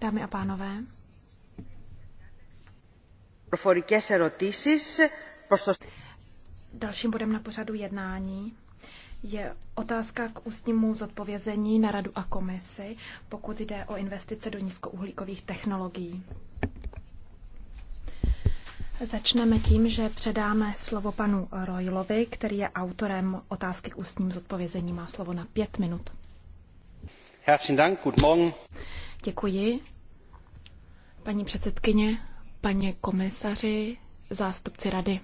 Dámy a pánové. Dalším bodem na pořadu jednání je otázka k ústnímu zodpovězení na radu a komisi, pokud jde o investice do nízkouhlíkových technologií. Začneme tím, že předáme slovo panu Roylovi, který je autorem otázky k ústním zodpovězení. Má slovo na pět minut. Herzlichen Dank, guten Morgen. Děkuji. Paní předsedkyně, paní komisaři, zástupci rady.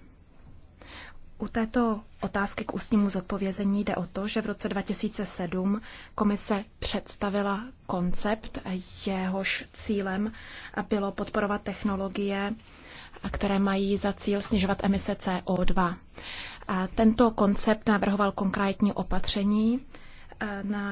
U této otázky k ústnímu zodpovězení jde o to, že v roce 2007 komise představila koncept, jehož cílem bylo podporovat technologie, které mají za cíl snižovat emise CO2. A tento koncept navrhoval konkrétní opatření eh, na